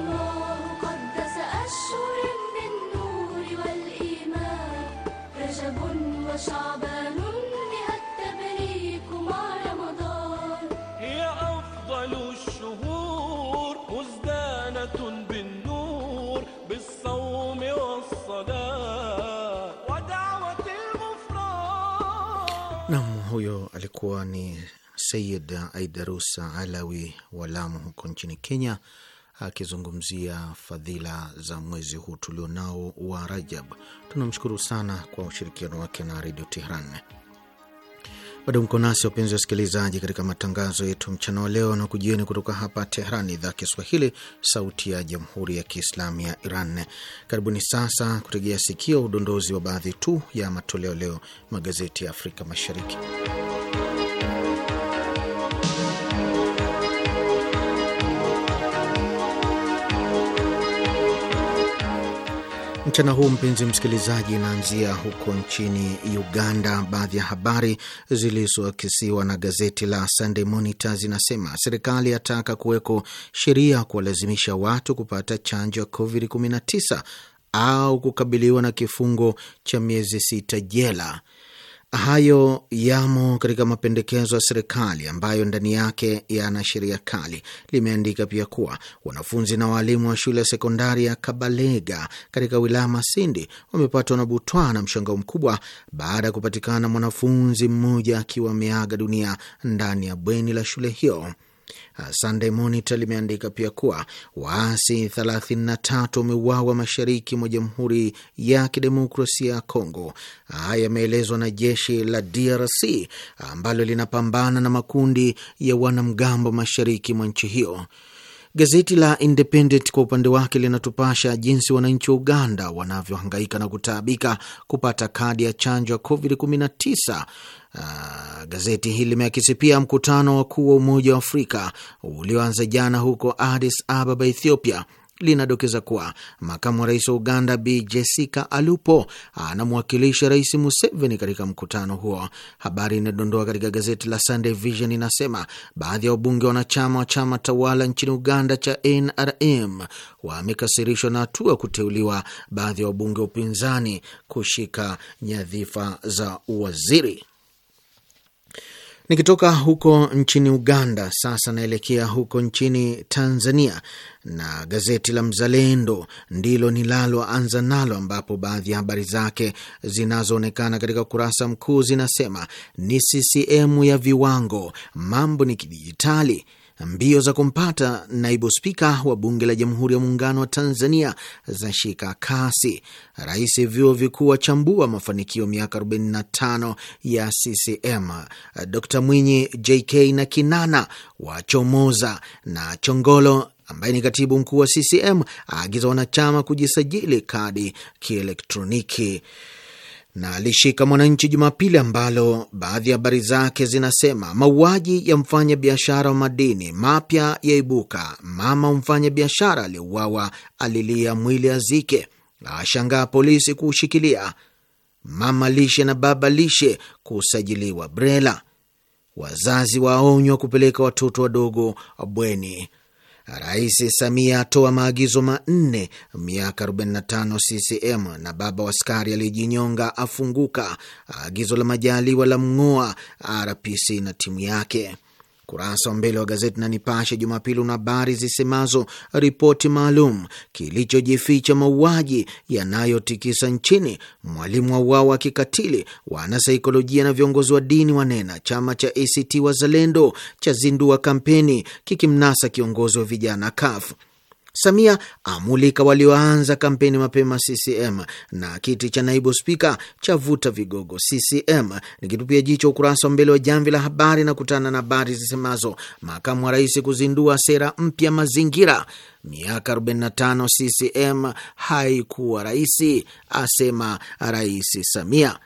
الله قدس أشهرا رجب وشعبان بها التبريك رمضان هي أفضل الشهور مزدانة بالنور بالصوم والصلاة ودعوة الغفران نعم huyo alikuwa ni Sayid Aidarusa Alawi wa Lamu huko nchini Kenya akizungumzia fadhila za mwezi huu tulionao wa Rajab. Tunamshukuru sana kwa ushirikiano wake na Redio Tehran. Bado mko nasi wapenzi wasikilizaji, katika matangazo yetu mchana wa leo na kujieni kutoka hapa Tehran, idhaa Kiswahili, sauti ya jamhuri ya kiislamu ya Iran. Karibuni sasa kutegea sikio udondozi wa baadhi tu ya matoleo leo magazeti ya Afrika Mashariki. Mchana huu mpenzi msikilizaji, inaanzia huko nchini Uganda. Baadhi ya habari zilizoakisiwa na gazeti la Sunday Monitor zinasema serikali yataka kuweko sheria kuwalazimisha watu kupata chanjo ya COVID-19 au kukabiliwa na kifungo cha miezi sita jela Hayo yamo katika mapendekezo ya serikali ambayo ndani yake yana sheria kali. Limeandika pia kuwa wanafunzi na waalimu wa shule ya sekondari ya Kabalega katika wilaya Masindi wamepatwa na butwa na mshangao mkubwa baada ya kupatikana mwanafunzi mmoja akiwa ameaga dunia ndani ya bweni la shule hiyo. Ah, Sunday Monitor limeandika pia kuwa waasi 33 wameuawa mashariki mwa Jamhuri ya Kidemokrasia ya Kongo. Haya ah, yameelezwa na jeshi la DRC ambalo linapambana na makundi ya wanamgambo mashariki mwa nchi hiyo. Gazeti la Independent kwa upande wake linatupasha jinsi wananchi wa Uganda wanavyohangaika na kutaabika kupata kadi ya chanjo ya COVID-19 Uh, gazeti hili limeakisi pia mkutano wa kuu wa Umoja wa Afrika ulioanza jana huko Addis Ababa, Ethiopia. Linadokeza kuwa makamu wa rais wa Uganda Bi Jessica Alupo anamwakilisha Rais Museveni katika mkutano huo. Habari inayodondoa katika gazeti la Sunday Vision inasema baadhi ya wabunge wanachama wa chama tawala nchini Uganda cha NRM wamekasirishwa na hatua kuteuliwa baadhi ya wabunge wa upinzani kushika nyadhifa za uwaziri. Nikitoka huko nchini Uganda, sasa naelekea huko nchini Tanzania, na gazeti la Mzalendo ndilo nilaloanza nalo, ambapo baadhi ya habari zake zinazoonekana katika ukurasa mkuu zinasema ni CCM ya viwango, mambo ni kidijitali Mbio za kumpata naibu spika wa bunge la Jamhuri ya Muungano wa Tanzania za shika kasi. Rais vyuo vikuu wachambua mafanikio miaka 45 ya CCM. Dr Mwinyi, JK na Kinana wachomoza na Chongolo ambaye ni katibu mkuu wa CCM aagiza wanachama kujisajili kadi kielektroniki na alishika Mwananchi Jumapili ambalo baadhi ya habari zake zinasema mauaji ya mfanya biashara wa madini mapya yaibuka, mama mfanya biashara aliyeuawa alilia mwili azike, ashangaa polisi kuushikilia, mama lishe na baba lishe kusajiliwa BRELA, wazazi waonywa kupeleka watoto wadogo bweni Rais Samia atoa maagizo manne, miaka 45 CCM na baba wa askari aliyejinyonga afunguka, agizo la Majaliwa la mng'oa RPC na timu yake. Kurasa wa mbele wa gazeti na Nipashe Jumapili una habari zisemazo ripoti maalum, kilichojificha mauaji yanayotikisa nchini, mwalimu wa uao wa kikatili, wanasaikolojia na viongozi wa dini wanena, chama cha ACT Wazalendo cha zindua kampeni kikimnasa kiongozi wa vijana kafu Samia amulika walioanza kampeni mapema CCM, na kiti cha naibu spika cha vuta vigogo CCM. Nikitupia jicho ukurasa wa mbele wa Jamvi la Habari na kutana na habari zisemazo makamu wa rais kuzindua sera mpya mazingira, miaka 45 CCM haikuwa rahisi, asema Rais Samia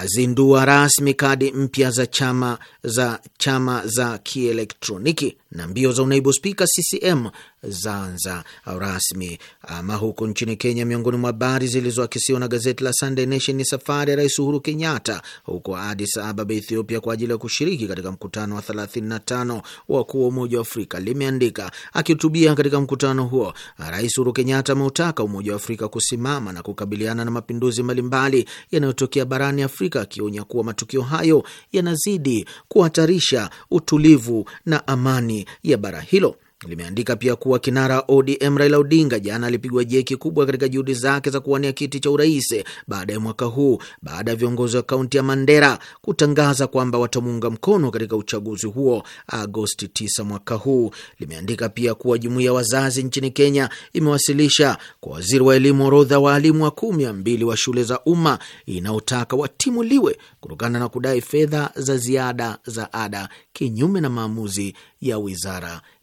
azindua rasmi kadi mpya za chama za chama za kielektroniki na mbio za unaibu spika CCM zaanza rasmi. Ama huko nchini Kenya, miongoni mwa habari zilizoakisiwa na gazeti la Sunday Nation ni safari ya Rais Uhuru Kenyatta huko Addis Ababa, Ethiopia, kwa ajili ya kushiriki katika mkutano wa 35 wakuu wa Umoja wa Afrika, limeandika. Akihutubia katika mkutano huo, Rais Uhuru Kenyatta ameutaka Umoja wa Afrika kusimama na kukabiliana na mapinduzi mbalimbali yanayotokea barani Afrika, akionya kuwa matukio hayo yanazidi kuhatarisha utulivu na amani y ya hilo. limeandika pia kuwa kinara ODM Raila Odinga jana alipigwa jeki kubwa katika juhudi zake za kuwania kiti cha urais baada ya mwaka huu baada ya viongozi wa kaunti ya Mandera kutangaza kwamba watamuunga mkono katika uchaguzi huo Agosti 9 mwaka huu. Limeandika pia kuwa jumuiya ya wazazi nchini Kenya imewasilisha kwa waziri wa elimu orodha waalimu wa kumi na mbili wa shule za umma inayotaka watimuliwe kutokana na kudai fedha za ziada za ada kinyume na maamuzi ya wizara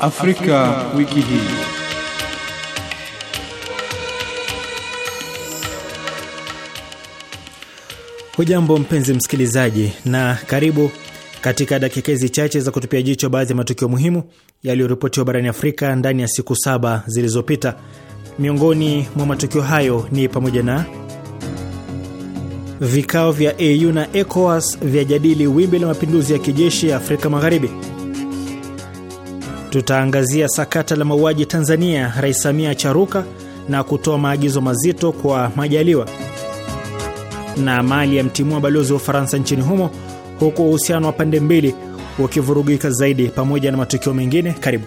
Afrika, wiki hii. Hujambo mpenzi msikilizaji na karibu katika dakika hizi chache za kutupia jicho baadhi ya matukio muhimu yaliyoripotiwa barani Afrika ndani ya siku saba zilizopita. Miongoni mwa matukio hayo ni pamoja na vikao vya AU na ECOWAS vyajadili wimbi la mapinduzi ya kijeshi ya Afrika Magharibi, Tutaangazia sakata la mauaji Tanzania, Rais Samia charuka na kutoa maagizo mazito kwa Majaliwa, na Mali ya mtimua balozi wa Ufaransa nchini humo, huku uhusiano wa pande mbili ukivurugika zaidi, pamoja na matukio mengine. Karibu.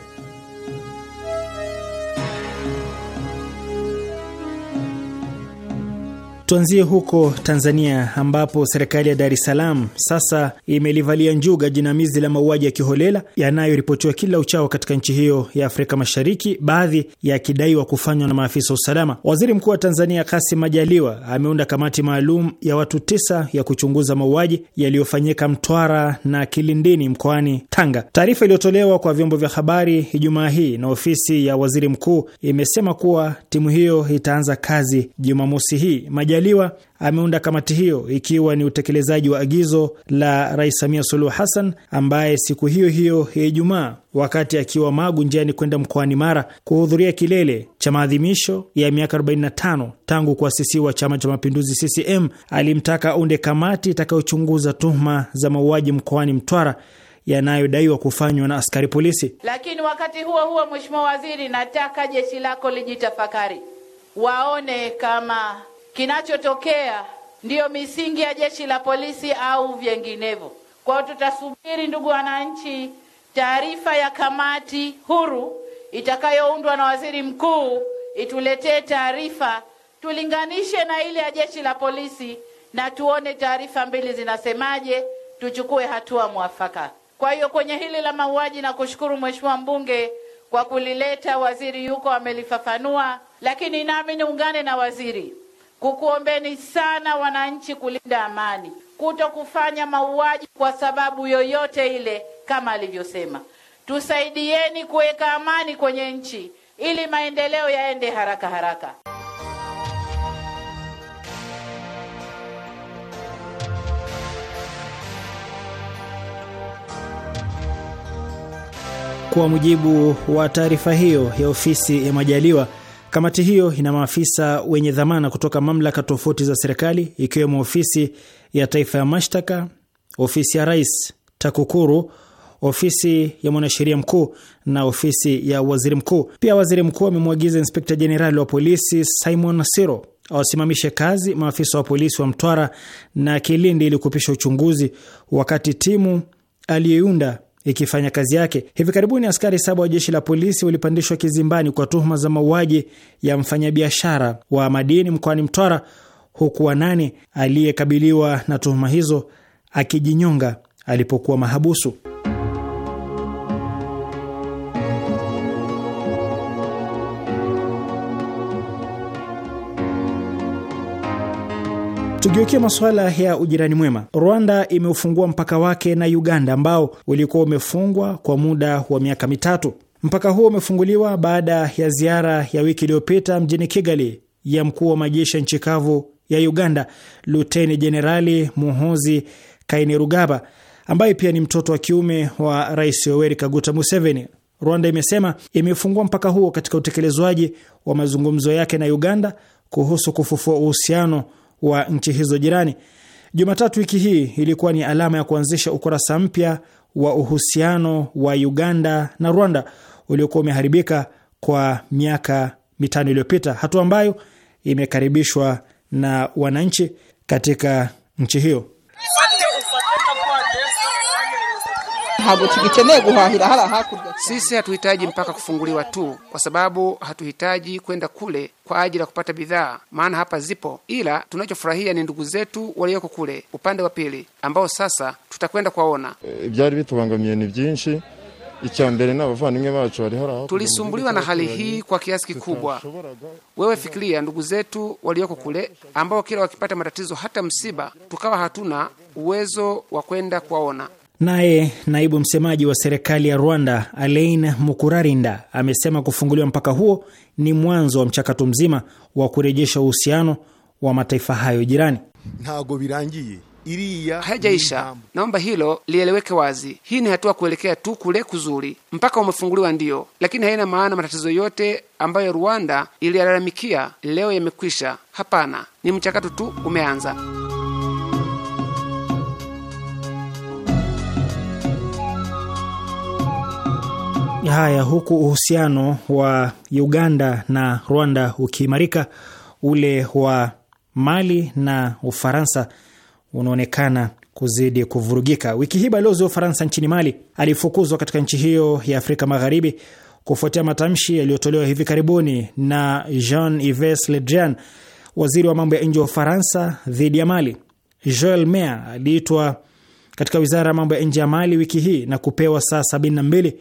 Tuanzie huko Tanzania ambapo serikali ya Dar es Salaam sasa imelivalia njuga jinamizi la mauaji ya kiholela yanayoripotiwa kila uchao katika nchi hiyo ya Afrika Mashariki, baadhi yakidaiwa kufanywa na maafisa wa usalama. Waziri Mkuu wa Tanzania Kassim Majaliwa ameunda kamati maalum ya watu tisa ya kuchunguza mauaji yaliyofanyika Mtwara na Kilindini mkoani Tanga. Taarifa iliyotolewa kwa vyombo vya habari Ijumaa hii na ofisi ya waziri mkuu imesema kuwa timu hiyo itaanza kazi Jumamosi hii Majaliwa ameunda kamati hiyo ikiwa ni utekelezaji wa agizo la Rais Samia Suluhu Hassan ambaye siku hiyo hiyo ya Ijumaa wakati akiwa Magu njiani kwenda mkoani Mara kuhudhuria kilele cha maadhimisho ya miaka 45 tangu kuasisiwa Chama cha Mapinduzi CCM alimtaka aunde kamati itakayochunguza tuhuma za mauaji mkoani Mtwara yanayodaiwa kufanywa na askari polisi. Lakini wakati huo huo, Mheshimiwa Waziri, nataka jeshi lako lijitafakari, waone kama kinachotokea ndiyo misingi ya jeshi la polisi au vinginevyo. Kwa hiyo tutasubiri, ndugu wananchi, taarifa ya kamati huru itakayoundwa na waziri mkuu ituletee taarifa, tulinganishe na ile ya jeshi la polisi na tuone taarifa mbili zinasemaje, tuchukue hatua mwafaka. Kwa hiyo kwenye hili la mauaji, na kushukuru mheshimiwa mbunge kwa kulileta, waziri yuko amelifafanua, lakini nami niungane na waziri kukuombeni sana wananchi kulinda amani, kuto kufanya mauaji kwa sababu yoyote ile, kama alivyosema. Tusaidieni kuweka amani kwenye nchi ili maendeleo yaende haraka haraka. Kwa mujibu wa taarifa hiyo ya ofisi ya Majaliwa Kamati hiyo ina maafisa wenye dhamana kutoka mamlaka tofauti za serikali ikiwemo ofisi ya taifa ya mashtaka, ofisi ya rais, TAKUKURU, ofisi ya mwanasheria mkuu na ofisi ya waziri mkuu. Pia waziri mkuu amemwagiza inspekta jenerali wa polisi Simon Siro awasimamishe kazi maafisa wa polisi wa Mtwara na Kilindi ili kupisha uchunguzi, wakati timu aliyoiunda ikifanya kazi yake. Hivi karibuni askari saba wa jeshi la polisi walipandishwa kizimbani kwa tuhuma za mauaji ya mfanyabiashara wa madini mkoani Mtwara, huku wanane aliyekabiliwa na tuhuma hizo akijinyonga alipokuwa mahabusu. Tugeukia masuala ya ujirani mwema. Rwanda imeufungua mpaka wake na Uganda ambao ulikuwa umefungwa kwa muda wa miaka mitatu. Mpaka huo umefunguliwa baada ya ziara ya wiki iliyopita mjini Kigali ya mkuu wa majeshi ya nchi kavu ya Uganda, Luteni Jenerali Muhozi Kainerugaba, ambaye pia ni mtoto wa kiume wa Rais Yoweri Kaguta Museveni. Rwanda imesema imefungua mpaka huo katika utekelezwaji wa mazungumzo yake na Uganda kuhusu kufufua uhusiano wa nchi hizo jirani. Jumatatu wiki hii ilikuwa ni alama ya kuanzisha ukurasa mpya wa uhusiano wa Uganda na Rwanda uliokuwa umeharibika kwa miaka mitano iliyopita, hatua ambayo imekaribishwa na wananchi katika nchi hiyo. ntabwo guhahira Sisi hatuhitaji mpaka kufunguliwa tu, kwa sababu hatuhitaji kwenda kule kwa ajili ya kupata bidhaa, maana hapa zipo, ila tunachofurahia ni ndugu zetu walioko kule upande wa pili, ambao sasa tutakwenda kuwaona. Eh, Ibyari bitubangamiye ni byinshi Tulisumbuliwa na hali hii kwa kiasi kikubwa. Wewe fikiria ndugu zetu walioko kule, ambao kila wakipata matatizo, hata msiba, tukawa hatuna uwezo wa kwenda kuwaona. Naye naibu msemaji wa serikali ya Rwanda Alain Mukurarinda amesema kufunguliwa mpaka huo ni mwanzo wa mchakato mzima wa kurejesha uhusiano wa mataifa hayo jirani. ntago birangiye haijaisha. Naomba hilo lieleweke wazi. Hii ni hatua kuelekea tu kule kuzuri. Mpaka umefunguliwa ndiyo, lakini haina maana matatizo yote ambayo Rwanda iliyalalamikia leo yamekwisha. Hapana, ni mchakato tu umeanza. Haya, huku uhusiano wa Uganda na Rwanda ukiimarika, ule wa Mali na Ufaransa unaonekana kuzidi kuvurugika. Wiki hii balozi wa Ufaransa nchini Mali alifukuzwa katika nchi hiyo ya Afrika Magharibi kufuatia matamshi yaliyotolewa hivi karibuni na Jean Yves Le Drian, waziri wa mambo ya nje wa Ufaransa, dhidi ya Mali. Joel Mea aliitwa katika wizara ya mambo ya nje ya Mali wiki hii na kupewa saa 72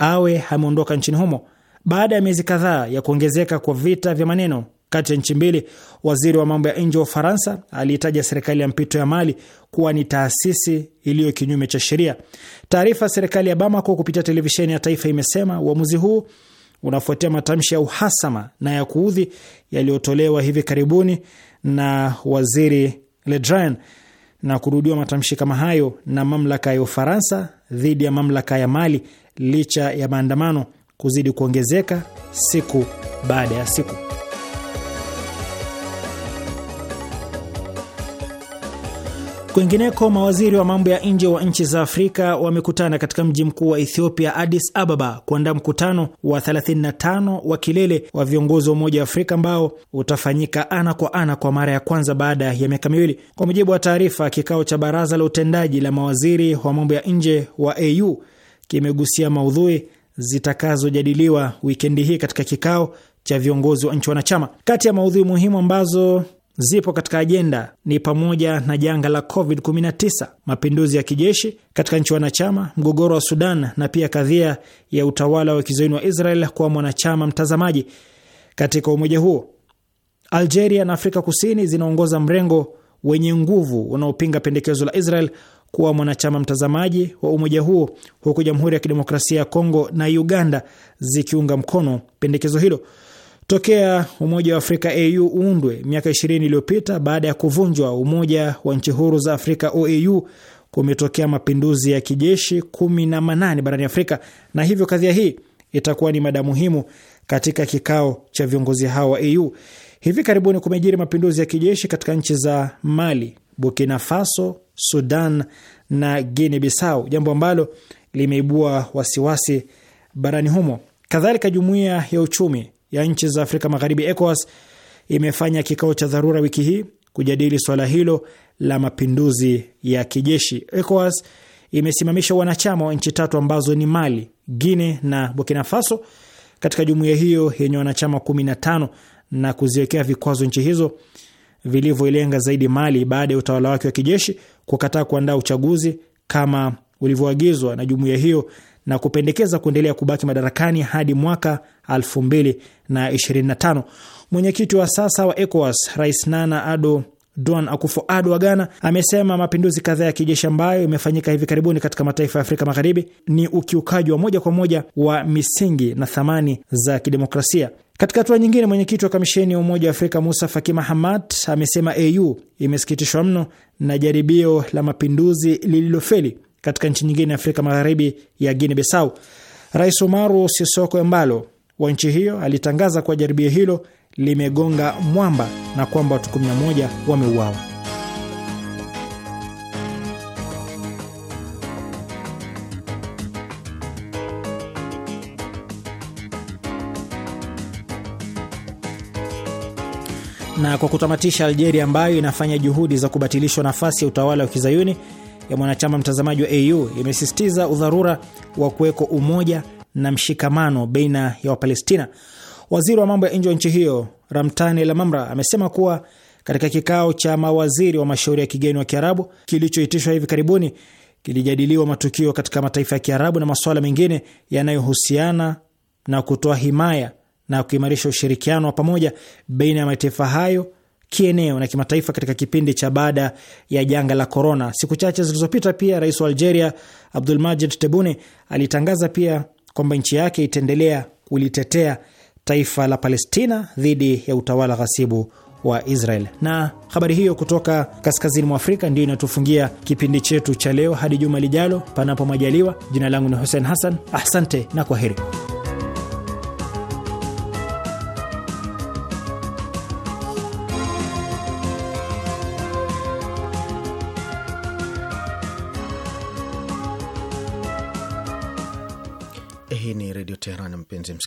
awe ameondoka nchini humo. Baada ya miezi kadhaa ya kuongezeka kwa vita vya maneno kati ya nchi mbili, waziri wa mambo ya nje wa Ufaransa aliitaja serikali ya mpito ya Mali kuwa ni taasisi iliyo kinyume cha sheria. Taarifa ya serikali ya Bamako kupitia televisheni ya taifa imesema uamuzi huu unafuatia matamshi ya uhasama na ya kuudhi yaliyotolewa hivi karibuni na waziri Le Drian na kurudiwa matamshi kama hayo na mamlaka ya Ufaransa dhidi ya mamlaka ya Mali licha ya maandamano kuzidi kuongezeka siku baada ya siku. Kwingineko, mawaziri wa mambo ya nje wa nchi za Afrika wamekutana katika mji mkuu wa Ethiopia, Addis Ababa, kuandaa mkutano wa 35 wa kilele wa viongozi wa Umoja wa Afrika ambao utafanyika ana kwa ana kwa mara ya kwanza baada ya miaka miwili. Kwa mujibu wa taarifa, kikao cha baraza la utendaji la mawaziri wa mambo ya nje wa AU kimegusia maudhui zitakazojadiliwa wikendi hii katika kikao cha viongozi wa nchi wanachama. Kati ya maudhui muhimu ambazo zipo katika ajenda ni pamoja na janga la COVID-19, mapinduzi ya kijeshi katika nchi wanachama, mgogoro wa Sudan na pia kadhia ya utawala wa kizoini wa Israel kuwa mwanachama mtazamaji katika umoja huo. Algeria na Afrika Kusini zinaongoza mrengo wenye nguvu unaopinga pendekezo la Israel kuwa mwanachama mtazamaji wa umoja huo huku Jamhuri ya Kidemokrasia ya Kongo na Uganda zikiunga mkono pendekezo hilo. Tokea Umoja wa Afrika AU uundwe miaka 20 iliyopita baada ya kuvunjwa Umoja wa Nchi Huru za Afrika OAU, kumetokea mapinduzi ya kijeshi kumi na manane barani Afrika, na hivyo kadhia hii itakuwa ni mada muhimu katika kikao cha viongozi hao wa AU. Hivi karibuni kumejiri mapinduzi ya kijeshi katika nchi za Mali, Burkina Faso, Sudan na Guinea Bissau, jambo ambalo limeibua wasiwasi barani humo. Kadhalika, jumuiya ya uchumi ya nchi za Afrika Magharibi, ECOWAS, imefanya kikao cha dharura wiki hii kujadili swala hilo la mapinduzi ya kijeshi. ECOWAS imesimamisha wanachama wa nchi tatu ambazo ni Mali, Guinea na Burkina Faso katika jumuiya hiyo yenye wanachama 15 na kuziwekea vikwazo nchi hizo vilivyoilenga zaidi Mali baada ya utawala wake wa kijeshi kukataa kuandaa uchaguzi kama ulivyoagizwa na jumuiya hiyo na kupendekeza kuendelea kubaki madarakani hadi mwaka 2025. Mwenyekiti wa sasa wa ECOWAS Rais Nana Ado Don Akufo-Addo wa Ghana amesema mapinduzi kadhaa ya kijeshi ambayo imefanyika hivi karibuni katika mataifa ya Afrika Magharibi ni ukiukaji wa moja kwa moja wa misingi na thamani za kidemokrasia. Katika hatua nyingine, mwenyekiti wa kamisheni ya Umoja wa Afrika Musa Faki Mahamat amesema AU imesikitishwa mno na jaribio la mapinduzi lililofeli katika nchi nyingine ya Afrika Magharibi ya Guinea Bissau. Rais Umaru Sisoko Embalo wa nchi hiyo alitangaza kuwa jaribio hilo limegonga mwamba na kwamba watu 11 wameuawa. Na kwa kutamatisha, Algeria ambayo inafanya juhudi za kubatilishwa nafasi ya utawala wa kizayuni ya mwanachama mtazamaji wa AU imesisitiza udharura wa kuweko umoja na mshikamano baina ya Wapalestina. Waziri wa mambo ya nje wa nchi hiyo ramtani Lamamra amesema kuwa katika kikao cha mawaziri wa mashauri ya kigeni wa Kiarabu kilichoitishwa hivi karibuni kilijadiliwa matukio katika mataifa ya Kiarabu na masuala mengine yanayohusiana na kutoa himaya na kuimarisha ushirikiano wa pamoja baina ya mataifa hayo kieneo na kimataifa katika kipindi cha baada ya janga la korona. Siku chache zilizopita, pia rais wa Algeria Abdulmajid Tebboune alitangaza pia kwamba nchi yake itaendelea kulitetea taifa la Palestina dhidi ya utawala ghasibu wa Israel. Na habari hiyo kutoka kaskazini mwa Afrika ndiyo inatufungia kipindi chetu cha leo. Hadi juma lijalo, panapo majaliwa. Jina langu ni Hussein Hassan, asante na kwa heri.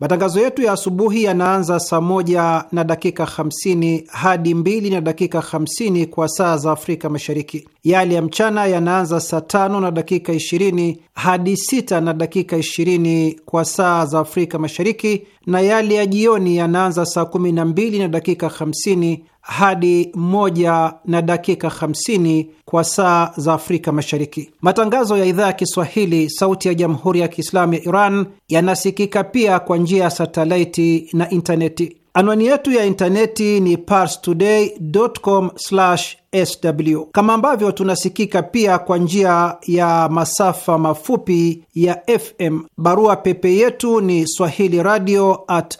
Matangazo yetu ya asubuhi yanaanza saa moja na dakika 50 hadi mbili na dakika 50 kwa saa za Afrika Mashariki. Yale ya mchana yanaanza saa tano na dakika 20 hadi sita na dakika 20 kwa saa za Afrika Mashariki, na yale ya jioni yanaanza saa 12 na dakika 50 hadi moja na dakika 50 kwa saa za Afrika Mashariki. Matangazo ya idhaa ya Kiswahili sauti ya Jamhuri ya Kiislamu ya Iran yanasikika pia kwa njia ya satelaiti na intaneti. Anwani yetu ya intaneti ni parstoday.com/sw, kama ambavyo tunasikika pia kwa njia ya masafa mafupi ya FM. Barua pepe yetu ni swahili radio at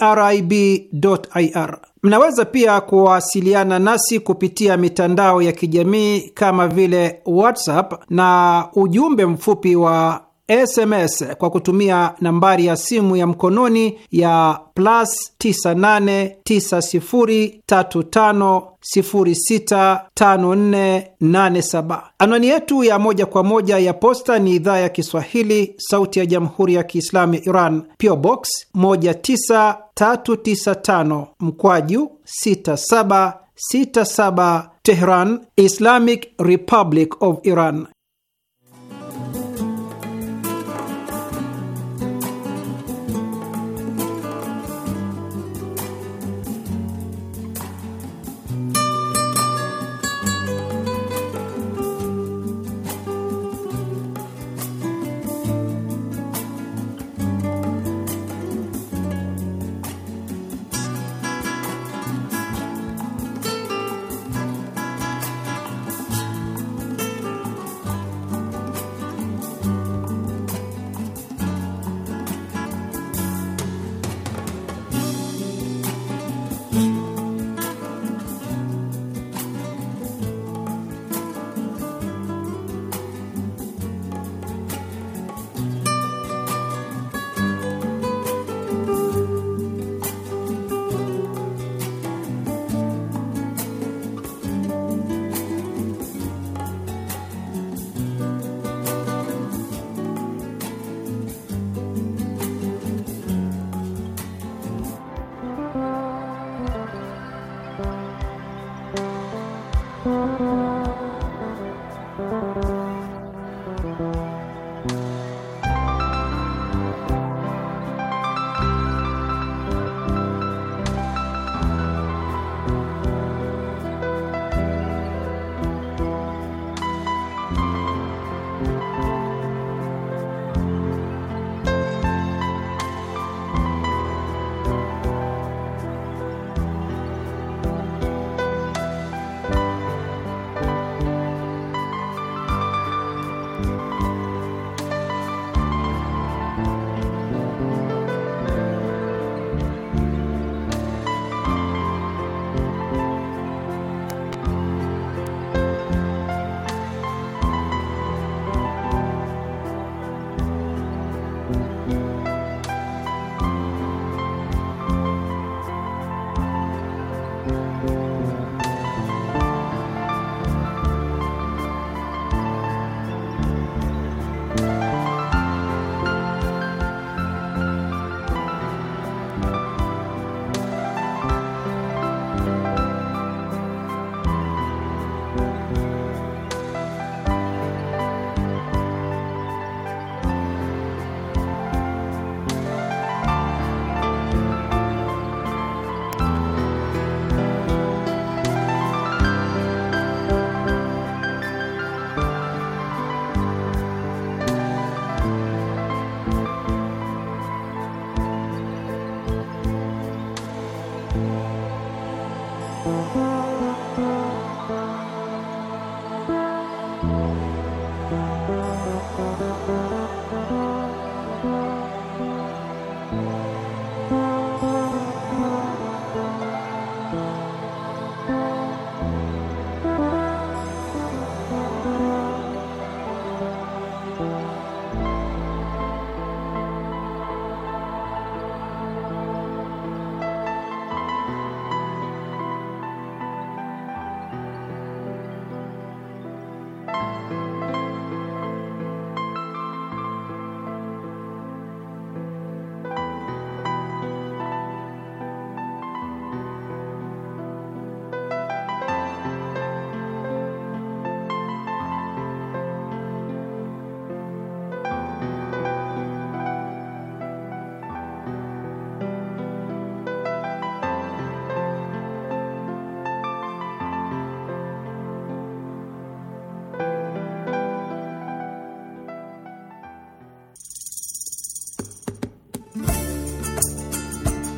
irib.ir Mnaweza pia kuwasiliana nasi kupitia mitandao ya kijamii kama vile WhatsApp na ujumbe mfupi wa SMS kwa kutumia nambari ya simu ya mkononi ya plus 989035065487. Anwani yetu ya moja kwa moja ya posta ni idhaa ya Kiswahili, sauti ya jamhuri ya kiislamu ya Iran, PO Box 19395 mkwaju 6767 Tehran, Islamic Republic of Iran.